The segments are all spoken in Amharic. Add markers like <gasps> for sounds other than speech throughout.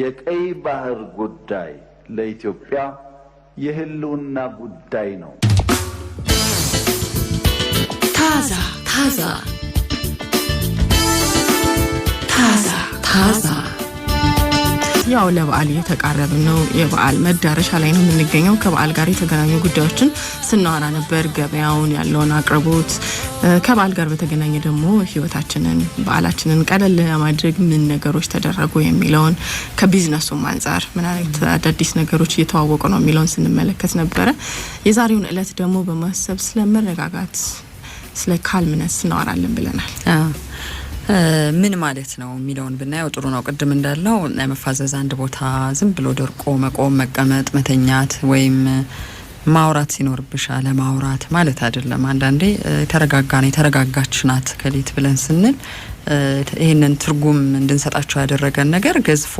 የቀይ ባህር ጉዳይ ለኢትዮጵያ የህልውና ጉዳይ ነው። ታዛ ታዛ ታዛ ታዛ ያው ለበዓል እየተቃረብን ነው። የበዓል መዳረሻ ላይ ነው የምንገኘው። ከበዓል ጋር የተገናኙ ጉዳዮችን ስናወራ ነበር። ገበያውን፣ ያለውን አቅርቦት፣ ከበዓል ጋር በተገናኘ ደግሞ ህይወታችንን፣ በዓላችንን ቀለል ለማድረግ ምን ነገሮች ተደረጉ የሚለውን ከቢዝነሱም አንጻር ምን አይነት አዳዲስ ነገሮች እየተዋወቁ ነው የሚለውን ስንመለከት ነበረ። የዛሬውን እለት ደግሞ በማሰብ ስለመረጋጋት ስለ ካልምነት ስናወራለን ብለናል። ምን ማለት ነው የሚለውን ብናየው ጥሩ ነው። ቅድም እንዳለው መፋዘዝ አንድ ቦታ ዝም ብሎ ደርቆ መቆም፣ መቀመጥ፣ መተኛት ወይም ማውራት ሲኖርብሽ አለማውራት ማለት አይደለም። አንዳንዴ የተረጋጋ ነው የተረጋጋች ናት ከሌት ብለን ስንል ይህንን ትርጉም እንድንሰጣቸው ያደረገን ነገር ገዝፎ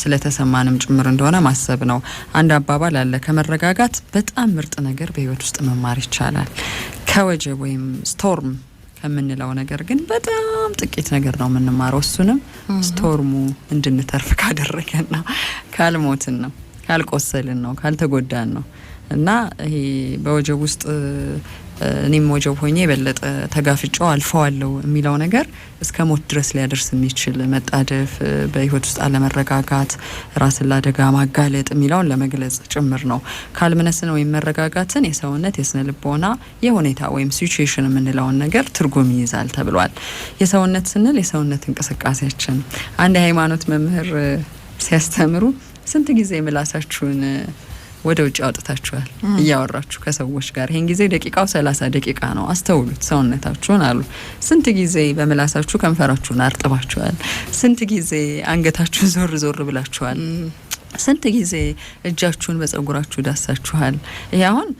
ስለተሰማንም ጭምር እንደሆነ ማሰብ ነው። አንድ አባባል አለ፣ ከመረጋጋት በጣም ምርጥ ነገር በህይወት ውስጥ መማር ይቻላል። ከወጀብ ወይም ስቶርም ከምንለው ነገር ግን በጣም ጥቂት ነገር ነው የምንማረው። እሱንም ስቶርሙ እንድንተርፍ <laughs> ካደረገን ነው፣ ካልሞትን ነው፣ ካልቆሰልን ነው፣ ካልተጎዳን ነው እና ይሄ በወጀብ ውስጥ እኔም ወጀብ ሆኜ የበለጠ ተጋፍጫው አልፈዋለሁ የሚለው ነገር እስከ ሞት ድረስ ሊያደርስ የሚችል መጣደፍ፣ በህይወት ውስጥ አለመረጋጋት፣ ራስን ላደጋ ማጋለጥ የሚለውን ለመግለጽ ጭምር ነው። ካልምነስን ወይም መረጋጋትን የሰውነት የስነ ልቦና የሁኔታ ወይም ሲቹዌሽን የምንለውን ነገር ትርጉም ይይዛል ተብሏል። የሰውነት ስንል የሰውነት እንቅስቃሴያችን። አንድ የሃይማኖት መምህር ሲያስተምሩ ስንት ጊዜ ምላሳችሁን ወደ ውጭ አውጥታችኋል እያወራችሁ ከሰዎች ጋር። ይህን ጊዜ ደቂቃው ሰላሳ ደቂቃ ነው። አስተውሉት ሰውነታችሁን አሉ። ስንት ጊዜ በምላሳችሁ ከንፈራችሁን አርጥባችኋል? ስንት ጊዜ አንገታችሁ ዞር ዞር ብላችኋል? ስንት ጊዜ እጃችሁን በጸጉራችሁ ዳሳችኋል? ይህ አሁን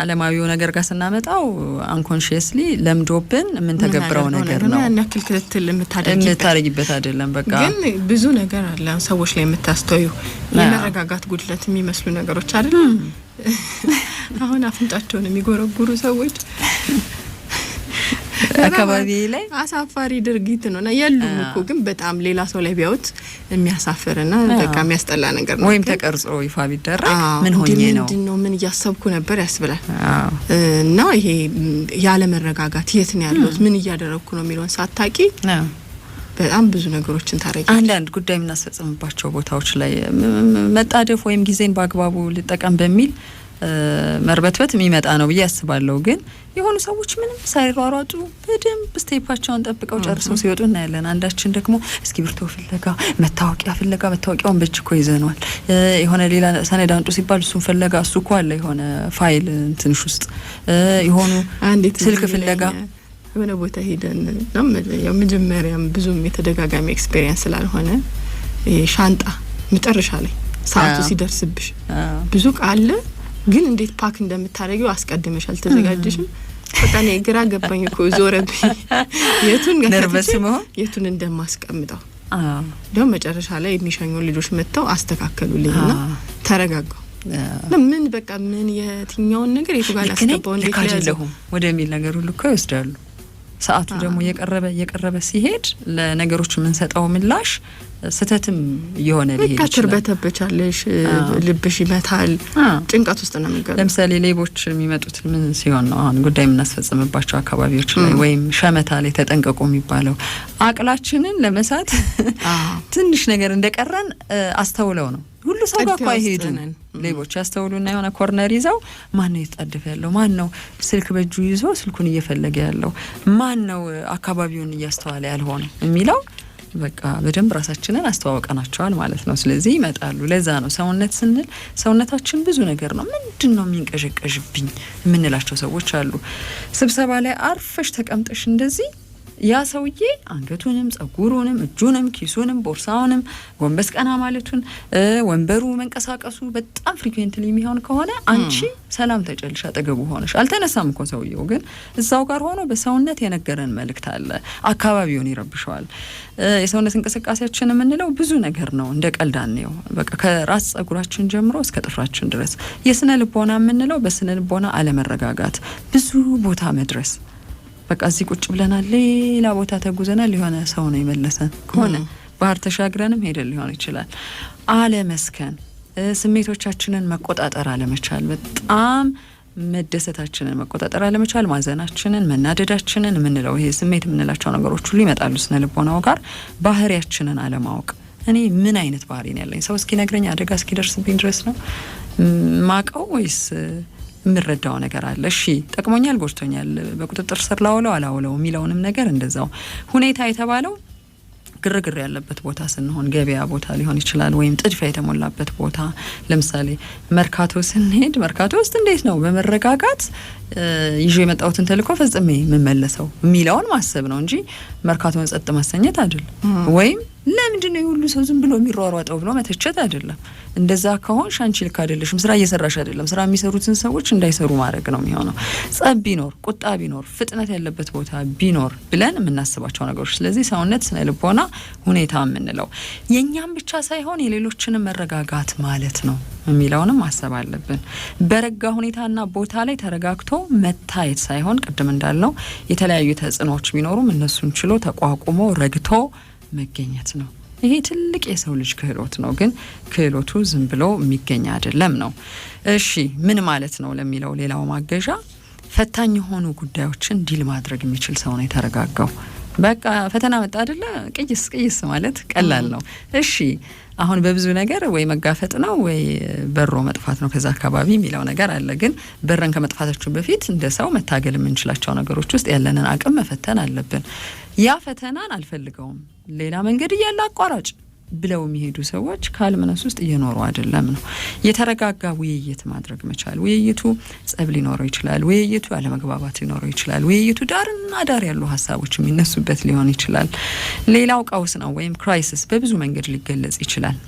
አለማዊው ነገር ጋር ስናመጣው አንኮንሽስሊ ለምዶብን የምንተገብረው ነገር ነው። ያን ያክል ክትትል የምታደርጊበት አይደለም። በቃ ግን ብዙ ነገር አለ ሰዎች ላይ የምታስተዩ የመረጋጋት ጉድለት የሚመስሉ ነገሮች አይደለም። አሁን አፍንጫቸውን የሚጎረጉሩ ሰዎች አካባቢ ላይ አሳፋሪ ድርጊት ነው እና የሉም እኮ ግን በጣም ሌላ ሰው ላይ ቢያዩት የሚያሳፍርና በቃ የሚያስጠላ ነገር ነው። ወይም ተቀርጾ ይፋ ቢደረግ ምን ሆኜ ነው ነው ምን እያሰብኩ ነበር ያስብላል። እና ይሄ ያለ መረጋጋት የት ነው ያለሁት ምን እያደረግኩ ነው የሚለውን ሳታቂ በጣም ብዙ ነገሮችን ታረጊ። አንዳንድ ጉዳይ የምናስፈጽምባቸው ቦታዎች ላይ መጣደፍ ወይም ጊዜን በአግባቡ ልጠቀም በሚል መርበትበት የሚመጣ ነው ብዬ አስባለሁ። ግን የሆኑ ሰዎች ምንም ሳይሯሯጡ በደንብ ስቴፓቸውን ጠብቀው ጨርሰው ሲወጡ እናያለን። አንዳችን ደግሞ እስክሪብቶ ፍለጋ፣ መታወቂያ ፍለጋ፣ መታወቂያውን በእጅ እኮ ይዘነዋል። የሆነ ሌላ ሰነድ አምጡ ሲባል እሱን ፍለጋ እሱ እኮ አለ የሆነ ፋይል ትንሽ ውስጥ የሆኑ ስልክ ፍለጋ የሆነ ቦታ ሄደን መጀመሪያም ብዙም የተደጋጋሚ ኤክስፔሪንስ ስላልሆነ ሻንጣ መጨረሻ ላይ ሰዓቱ ሲደርስብሽ ብዙ ቃለ ግን እንዴት ፓክ እንደምታደርጊው አስቀድመሽ አልተዘጋጀሽም። በቃ የግራ ገባኝ እኮ ዞረብኝ፣ <laughs> የቱን ነርቨስ መሆን የቱን እንደማስቀምጠው እንዲሁም መጨረሻ ላይ የሚሸኙ ልጆች መጥተው አስተካከሉልኝ ና ተረጋጋሁ። ምን በቃ ምን የትኛውን ነገር የቱ ጋር ላስገባው እንዴት ያለሁም ወደሚል ነገር ሁሉ እኮ ይወስዳሉ። ሰዓቱ ደግሞ እየቀረበ እየቀረበ ሲሄድ ለነገሮች የምንሰጠው ምላሽ ስህተትም እየሆነ ሊሄድ ትርበተብቻለሽ፣ ልብሽ ይመታል፣ ጭንቀት ውስጥ ነው የሚገ ለምሳሌ ሌቦች የሚመጡት ምን ሲሆን ነው? አሁን ጉዳይ የምናስፈጽምባቸው አካባቢዎች ላይ ወይም ሸመታ ላይ ተጠንቀቁ የሚባለው አቅላችንን ለመሳት <laughs> ትንሽ ነገር እንደቀረን አስተውለው ነው። ሁሉ ሰው ጋር እኮ አይሄዱም ሌቦች። ያስተውሉና የሆነ ኮርነር ይዘው ማን ነው እየተጣደፈ ያለው? ማን ነው ስልክ በእጁ ይዞ ስልኩን እየፈለገ ያለው? ማን ነው አካባቢውን እያስተዋለ ያልሆነ የሚለው በቃ በደንብ ራሳችንን አስተዋወቀናቸዋል ማለት ነው። ስለዚህ ይመጣሉ። ለዛ ነው ሰውነት ስንል ሰውነታችን ብዙ ነገር ነው። ምንድን ነው የሚንቀዠቀዥብኝ የምንላቸው ሰዎች አሉ። ስብሰባ ላይ አርፈሽ ተቀምጠሽ እንደዚህ ያ ሰውዬ አንገቱንም ጸጉሩንም እጁንም ኪሱንም ቦርሳውንም ጎንበስ ቀና ማለቱን ወንበሩ መንቀሳቀሱ በጣም ፍሪኩዌንትሊ የሚሆን ከሆነ አንቺ ሰላም ተጨልሽ አጠገቡ ሆነሽ አልተነሳም እኮ ሰውየው ግን እዛው ጋር ሆኖ በሰውነት የነገረን መልእክት አለ። አካባቢውን ይረብሸዋል። የሰውነት እንቅስቃሴያችን የምንለው ብዙ ነገር ነው። እንደ ቀልዳኔው በቃ ከራስ ጸጉራችን ጀምሮ እስከ ጥፍራችን ድረስ። የስነ ልቦና የምንለው በስነ ልቦና አለመረጋጋት ብዙ ቦታ መድረስ በቃ እዚህ ቁጭ ብለናል፣ ሌላ ቦታ ተጉዘናል፣ የሆነ ሰው ነው የመለሰን ከሆነ ባህር ተሻግረንም ሄደን ሊሆን ይችላል። አለመስከን፣ ስሜቶቻችንን መቆጣጠር አለመቻል፣ በጣም መደሰታችንን መቆጣጠር አለመቻል፣ ማዘናችንን፣ መናደዳችንን የምንለው ይሄ ስሜት የምንላቸው ነገሮች ሁሉ ይመጣሉ። ስነ ልቦናው ጋር ባህሪያችንን አለማወቅ እኔ ምን አይነት ባህሪ ነው ያለኝ? ሰው እስኪነግረኝ አደጋ እስኪደርስብኝ ድረስ ነው ማቀው ወይስ የምረዳው ነገር አለ። እሺ ጠቅሞኛል፣ ጎድቶኛል፣ በቁጥጥር ስር ላውለው አላውለው የሚለውንም ነገር እንደዛው ሁኔታ የተባለው ግርግር ያለበት ቦታ ስንሆን ገበያ ቦታ ሊሆን ይችላል፣ ወይም ጥድፊያ የተሞላበት ቦታ። ለምሳሌ መርካቶ ስንሄድ መርካቶ ውስጥ እንዴት ነው በመረጋጋት ይዞ የመጣሁትን ተልእኮ ፈጽሜ የምመለሰው የሚለውን ማሰብ ነው እንጂ መርካቶን ጸጥ ማሰኘት አይደለም። ወይም ለምንድን ነው የሁሉ ሰው ዝም ብሎ የሚሯሯጠው ብሎ መተቸት አይደለም። እንደዛ ከሆን አንቺ ልክ አይደለሽም፣ ስራ እየሰራሽ አይደለም። ስራ የሚሰሩትን ሰዎች እንዳይሰሩ ማድረግ ነው የሚሆነው። ጸብ ቢኖር፣ ቁጣ ቢኖር፣ ፍጥነት ያለበት ቦታ ቢኖር ብለን የምናስባቸው ነገሮች። ስለዚህ ሰውነት ስነ ልቦና ሁኔታ የምንለው የእኛም ብቻ ሳይሆን የሌሎችንም መረጋጋት ማለት ነው የሚለውንም ማሰብ አለብን። በረጋ ሁኔታና ቦታ ላይ ተረጋግቶ አቅቷቸው መታየት ሳይሆን ቅድም እንዳለው የተለያዩ ተጽዕኖዎች ቢኖሩም እነሱን ችሎ ተቋቁሞ ረግቶ መገኘት ነው። ይሄ ትልቅ የሰው ልጅ ክህሎት ነው። ግን ክህሎቱ ዝም ብሎ የሚገኝ አይደለም ነው። እሺ ምን ማለት ነው ለሚለው ሌላው ማገዣ ፈታኝ የሆኑ ጉዳዮችን ዲል ማድረግ የሚችል ሰው ነው የተረጋጋው። በቃ ፈተና መጣ አይደለ? ቅይስ ቅይስ ማለት ቀላል ነው። እሺ አሁን በብዙ ነገር ወይ መጋፈጥ ነው ወይ በሮ መጥፋት ነው ከዛ አካባቢ የሚለው ነገር አለ። ግን በረን ከመጥፋታችን በፊት እንደ ሰው መታገል የምንችላቸው ነገሮች ውስጥ ያለንን አቅም መፈተን አለብን። ያ ፈተናን አልፈልገውም፣ ሌላ መንገድ እያለ አቋራጭ ብለው የሚሄዱ ሰዎች ከአልምነስ ውስጥ እየኖሩ አይደለም ነው። የተረጋጋ ውይይት ማድረግ መቻል። ውይይቱ ጸብ ሊኖረው ይችላል። ውይይቱ አለመግባባት ሊኖረው ይችላል። ውይይቱ ዳርና ዳር ያሉ ሀሳቦች የሚነሱበት ሊሆን ይችላል። ሌላው ቀውስ ነው ወይም ክራይሲስ በብዙ መንገድ ሊገለጽ ይችላል።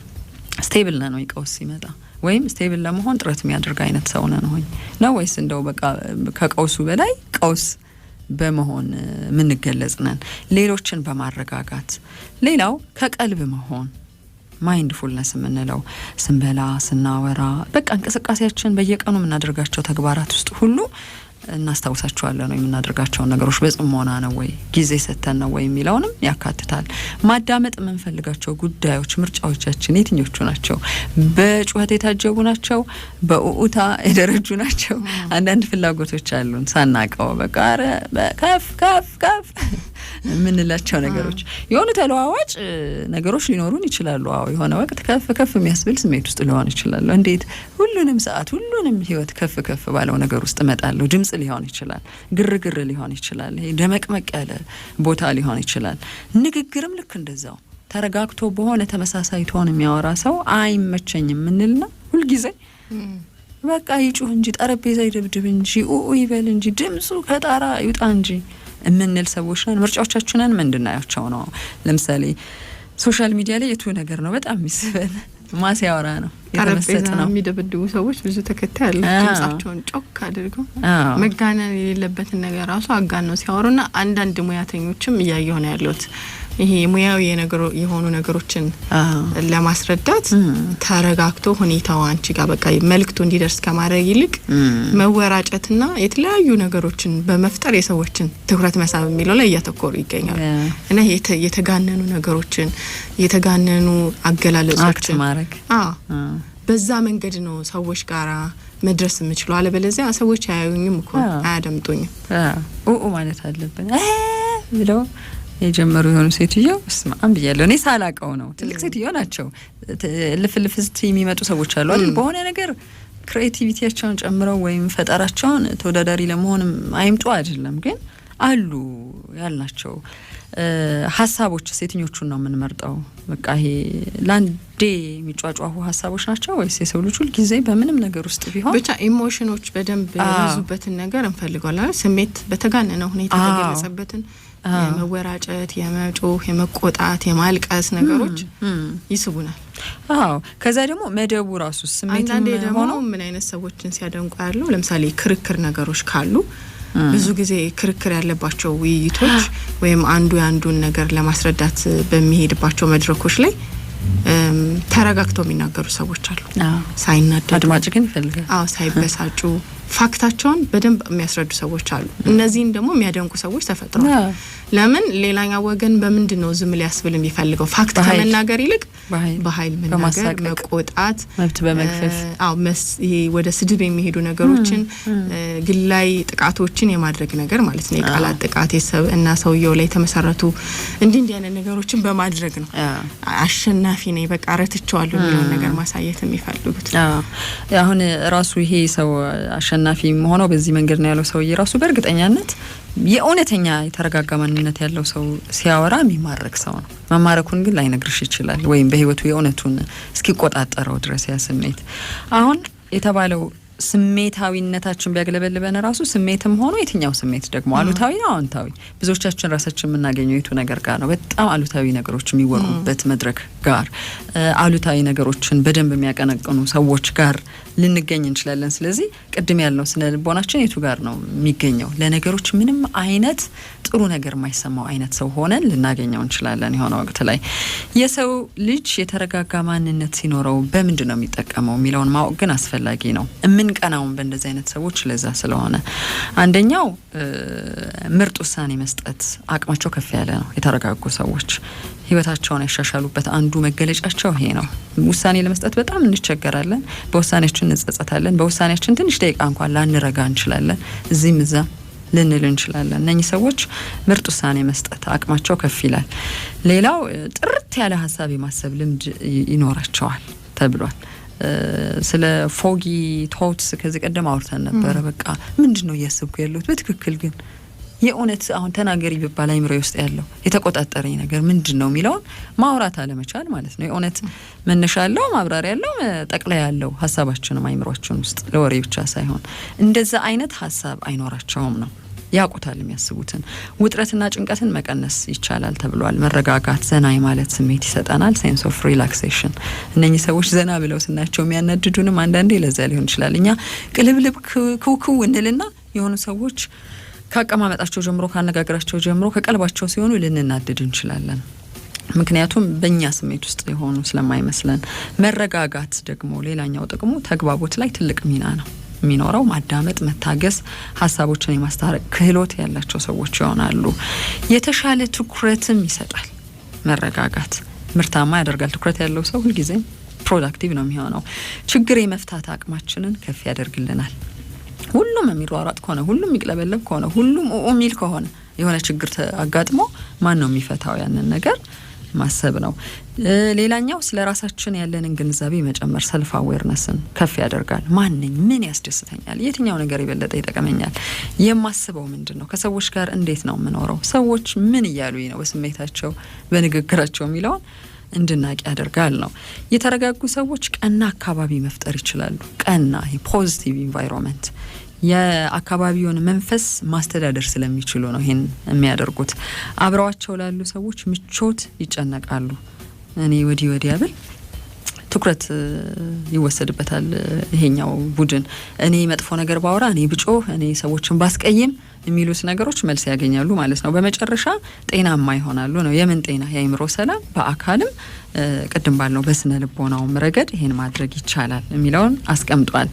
ስቴብል ነው ቀውስ ሲመጣ ወይም ስቴብል ለመሆን ጥረት የሚያደርግ አይነት ሰው ነን ሆኝ ነው ወይስ እንደው በቃ ከቀውሱ በላይ ቀውስ በመሆን የምንገለጽ ነን። ሌሎችን በማረጋጋት ሌላው ከቀልብ መሆን ማይንድፉልነስ የምንለው ስንበላ፣ ስናወራ፣ በቃ እንቅስቃሴያችን በየቀኑ የምናደርጋቸው ተግባራት ውስጥ ሁሉ እናስታውሳቸዋለን ወይ የምናደርጋቸውን ነገሮች በጽሞና ነው ወይ ጊዜ ሰተን ነው ወይ የሚለውንም ያካትታል። ማዳመጥ የምንፈልጋቸው ጉዳዮች ምርጫዎቻችን የትኞቹ ናቸው? በጩኸት የታጀቡ ናቸው? በኡኡታ የደረጁ ናቸው? አንዳንድ ፍላጎቶች አሉን ሳናቀው በቃ ኧረ ከፍ ከፍ ከፍ የምንላቸው ነገሮች የሆኑ ተለዋዋጭ ነገሮች ሊኖሩን ይችላሉ። አዎ የሆነ ወቅት ከፍ ከፍ የሚያስብል ስሜት ውስጥ ሊሆን ይችላሉ። እንዴት ሁሉንም ሰዓት ሁሉንም ህይወት ከፍ ከፍ ባለው ነገር ውስጥ እመጣለሁ። ድምጽ ሊሆን ይችላል፣ ግርግር ሊሆን ይችላል፣ ደመቅመቅ ያለ ቦታ ሊሆን ይችላል። ንግግርም ልክ እንደዛው ተረጋግቶ በሆነ ተመሳሳይ ቶን የሚያወራ ሰው አይመቸኝም የምንልና ሁልጊዜ በቃ ይጩህ እንጂ ጠረጴዛ ይደብድብ እንጂ ኡ ይበል እንጂ ድምፁ ከጣራ ይውጣ እንጂ የምንል ሰዎች ነን። ምርጫዎቻችንን ምንድናያቸው ነው? ለምሳሌ ሶሻል ሚዲያ ላይ የቱ ነገር ነው በጣም የሚስበን? ማስያወራ ነው የተመሰጥ ነው የሚደበድቡ ሰዎች ብዙ ተከታይ አለ። ድምጻቸውን ጮክ አድርገው መጋነን የሌለበትን ነገር ራሱ አጋን ነው ሲያወሩና አንዳንድ ሙያተኞችም እያየሆነ ያለሁት ይሄ ሙያዊ የሆኑ ነገሮችን ለማስረዳት ተረጋግቶ ሁኔታው አንቺ ጋር በቃ መልክቱ እንዲደርስ ከማድረግ ይልቅ መወራጨትና የተለያዩ ነገሮችን በመፍጠር የሰዎችን ትኩረት መሳብ የሚለው ላይ እያተኮሩ ይገኛሉ እና የተጋነኑ ነገሮችን የተጋነኑ አገላለጾችን በዛ መንገድ ነው ሰዎች ጋራ መድረስ የምችለው። አለበለዚያ ሰዎች አያዩኝም እኮ አያደምጡኝም። ማለት አለብን ብለው የጀመሩ የሆኑ ሴትዮ ስማ ብያለሁ። እኔ ሳላቀው ነው። ትልቅ ሴትዮ ናቸው። ልፍልፍ ስቲ የሚመጡ ሰዎች አሉ አይደል? በሆነ ነገር ክሬቲቪቲያቸውን ጨምረው ወይም ፈጠራቸውን ተወዳዳሪ ለመሆንም አይምጡ አይደለም፣ ግን አሉ ያልናቸው ሀሳቦች ሴትኞቹን ነው የምንመርጠው? በቃ ይሄ ለአንዴ የሚጫጫሁ ሀሳቦች ናቸው ወይስ የሰው ልጅ ሁልጊዜ በምንም ነገር ውስጥ ቢሆን ብቻ ኢሞሽኖች በደንብ የያዙበትን ነገር እንፈልገዋለን። ስሜት በተጋነነ ሁኔታ የተገለጸበትን የመወራጨት፣ የመጮህ፣ የመቆጣት፣ የማልቀስ ነገሮች ይስቡናል። አዎ ከዛ ደግሞ መደቡ ራሱ ስሜት ሆኖ ምን አይነት ሰዎችን ሲያደንቁ ያለው ለምሳሌ ክርክር ነገሮች ካሉ ብዙ ጊዜ ክርክር ያለባቸው ውይይቶች <gasps> ወይም አንዱ የአንዱን ነገር ለማስረዳት በሚሄድባቸው መድረኮች ላይ ተረጋግተው የሚናገሩ ሰዎች አሉ። ሳይናደዱ አድማጭ ግን ይፈልጋል። አዎ ሳይበሳጩ ፋክታቸውን በደንብ የሚያስረዱ ሰዎች አሉ። እነዚህን ደግሞ የሚያደንቁ ሰዎች ተፈጥረዋል። ለምን ሌላኛው ወገን በምንድን ነው ዝም ሊያስብል የሚፈልገው? ፋክት ከመናገር ይልቅ በኃይል መናገር፣ መቆጣት፣ መብት በመግፈፍ ይሄ ወደ ስድብ የሚሄዱ ነገሮችን፣ ግላይ ጥቃቶችን የማድረግ ነገር ማለት ነው። የቃላት ጥቃት እና ሰውየው ላይ የተመሰረቱ እንዲህ እንዲህ አይነት ነገሮችን በማድረግ ነው አሸናፊ ነኝ በቃ ረትቸዋለሁ የሚለውን ነገር ማሳየት የሚፈልጉት አሁን ራሱ ይሄ ሰው አሸናፊ ሆነው በዚህ መንገድ ነው ያለው ሰውዬ ራሱ በእርግጠኛነት የእውነተኛ የተረጋጋ ማንነት ያለው ሰው ሲያወራ የሚማረክ ሰው ነው። መማረኩን ግን ላይነግርሽ ይችላል፣ ወይም በህይወቱ የእውነቱን እስኪቆጣጠረው ድረስ ያ ስሜት አሁን የተባለው ስሜታዊነታችን ቢያገለበልበን ራሱ ስሜትም ሆኖ የትኛው ስሜት ደግሞ አሉታዊ ነው አዎንታዊ? ብዙዎቻችን ራሳችን የምናገኘው የቱ ነገር ጋር ነው? በጣም አሉታዊ ነገሮች የሚወሩበት መድረክ ጋር፣ አሉታዊ ነገሮችን በደንብ የሚያቀነቅኑ ሰዎች ጋር ልንገኝ እንችላለን። ስለዚህ ቅድም ያልነው ስነ ልቦናችን የቱ ጋር ነው የሚገኘው? ለነገሮች ምንም አይነት ጥሩ ነገር የማይሰማው አይነት ሰው ሆነን ልናገኘው እንችላለን። የሆነ ወቅት ላይ የሰው ልጅ የተረጋጋ ማንነት ሲኖረው በምንድን ነው የሚጠቀመው የሚለውን ማወቅ ግን አስፈላጊ ነው። የምንቀናውን በእንደዚህ አይነት ሰዎች ለዛ ስለሆነ አንደኛው ምርጥ ውሳኔ መስጠት አቅማቸው ከፍ ያለ ነው የተረጋጉ ሰዎች ህይወታቸውን ያሻሻሉበት አንዱ መገለጫቸው ይሄ ነው። ውሳኔ ለመስጠት በጣም እንቸገራለን። በውሳኔያችን እንጸጸታለን። በውሳኔያችን ትንሽ ደቂቃ እንኳን ላንረጋ እንችላለን። እዚህም እዛ ልንል እንችላለን። እነኚህ ሰዎች ምርጥ ውሳኔ መስጠት አቅማቸው ከፍ ይላል። ሌላው ጥርት ያለ ሀሳብ የማሰብ ልምድ ይኖራቸዋል ተብሏል። ስለ ፎጊ ቶትስ ከዚህ ቀደም አውርተን ነበረ። በቃ ምንድን ነው እያስብኩ ያለሁት በትክክል ግን የእውነት አሁን ተናገሪ ብባል አይምሮ ውስጥ ያለው የተቆጣጠረኝ ነገር ምንድን ነው የሚለውን ማውራት አለመቻል ማለት ነው። የእውነት መነሻ ያለው ማብራሪያ ያለው ጠቅላይ ያለው ሀሳባችንም አይምሯችን ውስጥ ለወሬ ብቻ ሳይሆን እንደዛ አይነት ሀሳብ አይኖራቸውም ነው ያውቁታል የሚያስቡትን። ውጥረትና ጭንቀትን መቀነስ ይቻላል ተብሏል። መረጋጋት፣ ዘና የማለት ስሜት ይሰጠናል። ሴንስ ኦፍ ሪላክሴሽን። እነኚህ ሰዎች ዘና ብለው ስናቸው የሚያናድዱንም አንዳንዴ ለዛ ሊሆን ይችላል። እኛ ቅልብልብ ክውክው እንልና የሆኑ ሰዎች ከአቀማመጣቸው ጀምሮ ከአነጋገራቸው ጀምሮ ከቀልባቸው ሲሆኑ ልንናድድ እንችላለን። ምክንያቱም በእኛ ስሜት ውስጥ የሆኑ ስለማይመስለን። መረጋጋት ደግሞ ሌላኛው ጥቅሙ ተግባቦት ላይ ትልቅ ሚና ነው የሚኖረው። ማዳመጥ፣ መታገስ፣ ሀሳቦችን የማስታረቅ ክህሎት ያላቸው ሰዎች ይሆናሉ። የተሻለ ትኩረትም ይሰጣል። መረጋጋት ምርታማ ያደርጋል። ትኩረት ያለው ሰው ሁልጊዜም ፕሮዳክቲቭ ነው የሚሆነው። ችግር የመፍታት አቅማችንን ከፍ ያደርግልናል። ሁሉም የሚሯሯጥ ከሆነ ሁሉም የሚቅለበለብ ከሆነ ሁሉም ኡ ሚል ከሆነ የሆነ ችግር አጋጥሞ ማን ነው የሚፈታው? ያንን ነገር ማሰብ ነው። ሌላኛው ስለ ራሳችን ያለንን ግንዛቤ መጨመር ሰልፍ አዌርነስን ከፍ ያደርጋል። ማንኝ ምን ያስደስተኛል? የትኛው ነገር የበለጠ ይጠቅመኛል? የማስበው ምንድን ነው? ከሰዎች ጋር እንዴት ነው የምኖረው? ሰዎች ምን እያሉኝ ነው? በስሜታቸው በንግግራቸው የሚለውን እንድናቅ ያደርጋል ነው። የተረጋጉ ሰዎች ቀና አካባቢ መፍጠር ይችላሉ። ቀና ፖዚቲቭ ኢንቫይሮንመንት የአካባቢውን መንፈስ ማስተዳደር ስለሚችሉ ነው ይህን የሚያደርጉት። አብረዋቸው ላሉ ሰዎች ምቾት ይጨነቃሉ። እኔ ወዲህ ወዲያ ያብል ትኩረት ይወሰድበታል ይሄኛው ቡድን። እኔ መጥፎ ነገር ባወራ፣ እኔ ብጮህ፣ እኔ ሰዎችን ባስቀይም የሚሉት ነገሮች መልስ ያገኛሉ ማለት ነው። በመጨረሻ ጤናማ ይሆናሉ ነው። የምን ጤና? የአእምሮ ሰላም፣ በአካልም ቅድም ባልነው በስነ ልቦናውም ረገድ ይህን ማድረግ ይቻላል የሚለውን አስቀምጧል።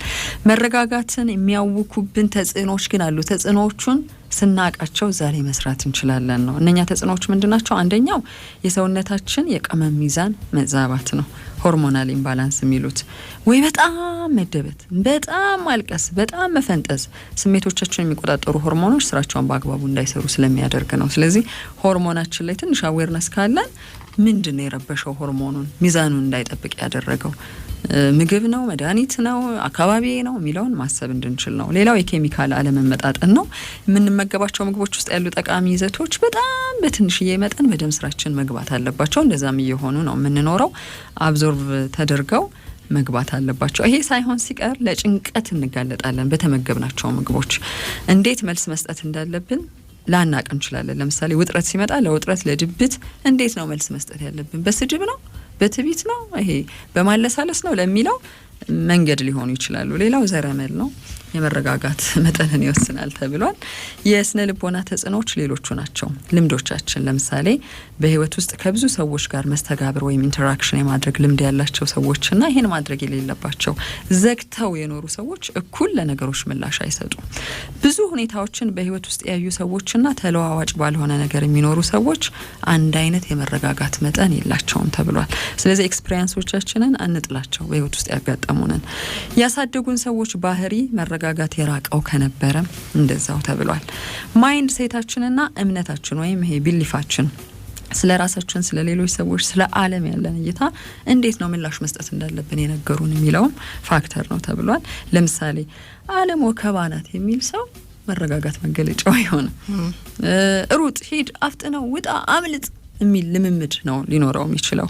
መረጋጋትን የሚያውኩብን ተጽዕኖዎች ግን አሉ። ተጽዕኖዎቹን ስናቃቸው ዛሬ መስራት እንችላለን ነው። እነኛ ተጽዕኖዎች ምንድን ናቸው? አንደኛው የሰውነታችን የቅመም ሚዛን መዛባት ነው። ሆርሞናል ኢምባላንስ የሚሉት ወይ በጣም መደበት፣ በጣም ማልቀስ፣ በጣም መፈንጠዝ ስሜቶቻችን የሚቆጣጠሩ ሆርሞኖች ሰዎች ስራቸውን በአግባቡ እንዳይሰሩ ስለሚያደርግ ነው። ስለዚህ ሆርሞናችን ላይ ትንሽ አዌርነስ ካለን ምንድን ነው የረበሸው ሆርሞኑን ሚዛኑን እንዳይጠብቅ ያደረገው ምግብ ነው፣ መድኃኒት ነው፣ አካባቢ ነው የሚለውን ማሰብ እንድንችል ነው። ሌላው የኬሚካል አለመመጣጠን ነው። የምንመገባቸው ምግቦች ውስጥ ያሉ ጠቃሚ ይዘቶች በጣም በትንሽዬ መጠን በደም ስራችን መግባት አለባቸው። እንደዛም እየሆኑ ነው የምንኖረው አብዞርቭ ተደርገው መግባት አለባቸው። ይሄ ሳይሆን ሲቀር ለጭንቀት እንጋለጣለን። በተመገብናቸው ምግቦች እንዴት መልስ መስጠት እንዳለብን ላናቅ እንችላለን። ለምሳሌ ውጥረት ሲመጣ ለውጥረት ለድብት እንዴት ነው መልስ መስጠት ያለብን? በስድብ ነው? በትቢት ነው? ይሄ በማለሳለስ ነው ለሚለው መንገድ ሊሆኑ ይችላሉ። ሌላው ዘረመል ነው። የመረጋጋት <laughs> መጠንን ይወስናል ተብሏል። የስነ ልቦና ተጽዕኖዎች ሌሎቹ ናቸው። ልምዶቻችን ለምሳሌ በህይወት ውስጥ ከብዙ ሰዎች ጋር መስተጋብር ወይም ኢንተራክሽን የማድረግ ልምድ ያላቸው ሰዎችና ይህን ማድረግ የሌለባቸው ዘግተው የኖሩ ሰዎች እኩል ለነገሮች ምላሽ አይሰጡም። ብዙ ሁኔታዎችን በህይወት ውስጥ ያዩ ሰዎችና ተለዋዋጭ ባልሆነ ነገር የሚኖሩ ሰዎች አንድ አይነት የመረጋጋት መጠን የላቸውም ተብሏል። ስለዚህ ኤክስፔሪንሶቻችንን አንጥላቸው። በህይወት ውስጥ ያጋጠሙንን ያሳደጉን ሰዎች ባህሪ መረጋ መረጋጋት የራቀው ከነበረ እንደዛው ተብሏል። ማይንድ ሴታችንና እምነታችን ወይም ይሄ ቢሊፋችን ስለ ራሳችን፣ ስለ ሌሎች ሰዎች፣ ስለ ዓለም ያለን እይታ እንዴት ነው ምላሽ መስጠት እንዳለብን የነገሩን የሚለውም ፋክተር ነው ተብሏል። ለምሳሌ ዓለም ወከባ ናት የሚል ሰው መረጋጋት መገለጫው የሆነ ሩጥ፣ ሂድ፣ አፍጥነው፣ ውጣ፣ አምልጥ የሚል ልምምድ ነው ሊኖረው የሚችለው።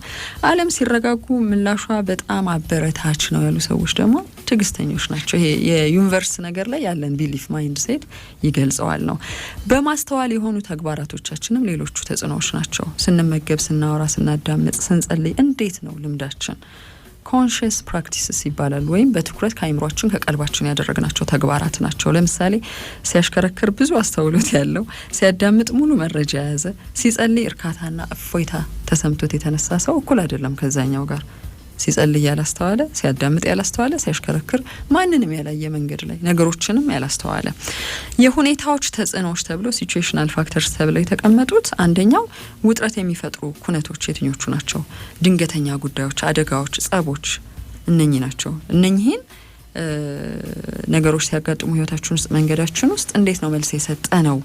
ዓለም ሲረጋጉ ምላሿ በጣም አበረታች ነው ያሉ ሰዎች ደግሞ ትዕግስተኞች ናቸው። ይሄ የዩኒቨርስ ነገር ላይ ያለን ቢሊፍ ማይንድ ሴት ይገልጸዋል ነው። በማስተዋል የሆኑ ተግባራቶቻችንም ሌሎቹ ተጽዕኖዎች ናቸው። ስንመገብ፣ ስናወራ፣ ስናዳምጥ፣ ስንጸልይ እንዴት ነው ልምዳችን ኮንሽስ ፕራክቲስስ ይባላል። ወይም በትኩረት ከአይምሯችን ከቀልባችን ያደረግናቸው ተግባራት ናቸው። ለምሳሌ ሲያሽከረክር ብዙ አስተውሎት ያለው፣ ሲያዳምጥ ሙሉ መረጃ የያዘ፣ ሲጸልይ እርካታና እፎይታ ተሰምቶት የተነሳ ሰው እኩል አይደለም ከዛኛው ጋር። ሲጸልይ ያላስተዋለ፣ ሲያዳምጥ ያላስተዋለ፣ ሲያሽከረክር ማንንም ያላየ መንገድ ላይ ነገሮችንም ያላስተዋለ የሁኔታዎች ተጽዕኖዎች ተብሎ ሲቹዌሽናል ፋክተርስ ተብለው የተቀመጡት አንደኛው ውጥረት የሚፈጥሩ ኩነቶች የትኞቹ ናቸው? ድንገተኛ ጉዳዮች፣ አደጋዎች፣ ጸቦች እነኚህ ናቸው። እነኚህን ነገሮች ሲያጋጥሙ ህይወታችን ውስጥ መንገዳችን ውስጥ እንዴት ነው መልስ የሰጠ ነው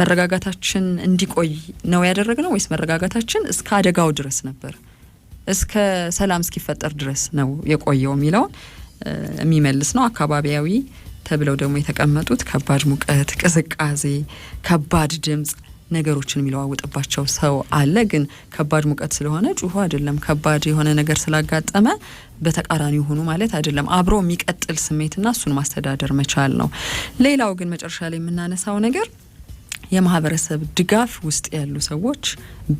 መረጋጋታችን እንዲቆይ ነው ያደረግ ነው ወይስ መረጋጋታችን እስከ አደጋው ድረስ ነበር? እስከ ሰላም እስኪፈጠር ድረስ ነው የቆየው የሚለውን የሚመልስ ነው። አካባቢያዊ ተብለው ደግሞ የተቀመጡት ከባድ ሙቀት፣ ቅዝቃዜ፣ ከባድ ድምፅ ነገሮችን የሚለዋውጥባቸው ሰው አለ። ግን ከባድ ሙቀት ስለሆነ ጩሁ አይደለም። ከባድ የሆነ ነገር ስላጋጠመ በተቃራኒ ሆኑ ማለት አይደለም። አብሮ የሚቀጥል ስሜትና እሱን ማስተዳደር መቻል ነው። ሌላው ግን መጨረሻ ላይ የምናነሳው ነገር የማህበረሰብ ድጋፍ ውስጥ ያሉ ሰዎች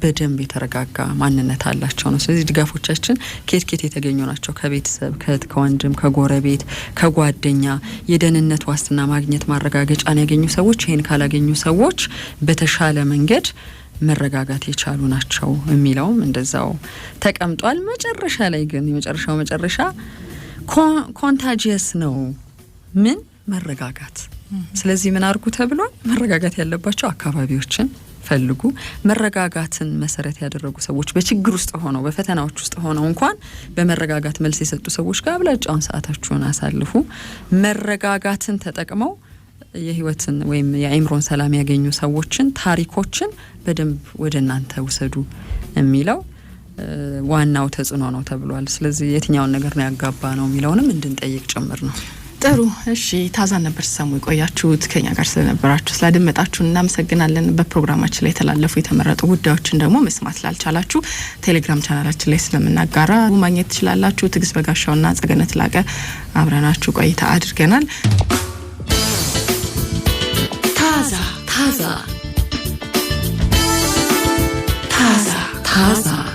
በደንብ የተረጋጋ ማንነት አላቸው ነው። ስለዚህ ድጋፎቻችን ኬት ኬት የተገኙ ናቸው? ከቤተሰብ፣ ከወንድም፣ ከጎረቤት፣ ከጓደኛ የደህንነት ዋስትና ማግኘት ማረጋገጫን ያገኙ ሰዎች ይህን ካላገኙ ሰዎች በተሻለ መንገድ መረጋጋት የቻሉ ናቸው የሚለውም እንደዛው ተቀምጧል። መጨረሻ ላይ ግን የመጨረሻው መጨረሻ ኮንታጂየስ ነው። ምን መረጋጋት ስለዚህ ምን አድርጉ ተብሏል? መረጋጋት ያለባቸው አካባቢዎችን ፈልጉ። መረጋጋትን መሰረት ያደረጉ ሰዎች በችግር ውስጥ ሆነው በፈተናዎች ውስጥ ሆነው እንኳን በመረጋጋት መልስ የሰጡ ሰዎች ጋር አብላጫውን ሰዓታችሁን አሳልፉ። መረጋጋትን ተጠቅመው የህይወትን ወይም የአእምሮን ሰላም ያገኙ ሰዎችን ታሪኮችን በደንብ ወደ እናንተ ውሰዱ የሚለው ዋናው ተጽዕኖ ነው ተብሏል። ስለዚህ የትኛውን ነገር ነው ያጋባ ነው የሚለውንም እንድንጠይቅ ጭምር ነው። ጥሩ እሺ፣ ታዛን ነበር ሰሙ የቆያችሁት። ከኛ ጋር ስለነበራችሁ ስላደመጣችሁ እናመሰግናለን። በፕሮግራማችን ላይ የተላለፉ የተመረጡ ጉዳዮችን ደግሞ መስማት ላልቻላችሁ ቴሌግራም ቻናላችን ላይ ስለምናጋራ ማግኘት ትችላላችሁ። በጋሻው በጋሻውና ጸገነት ላቀ አብረናችሁ ቆይታ አድርገናል። ታዛ ታዛ ታዛ ታዛ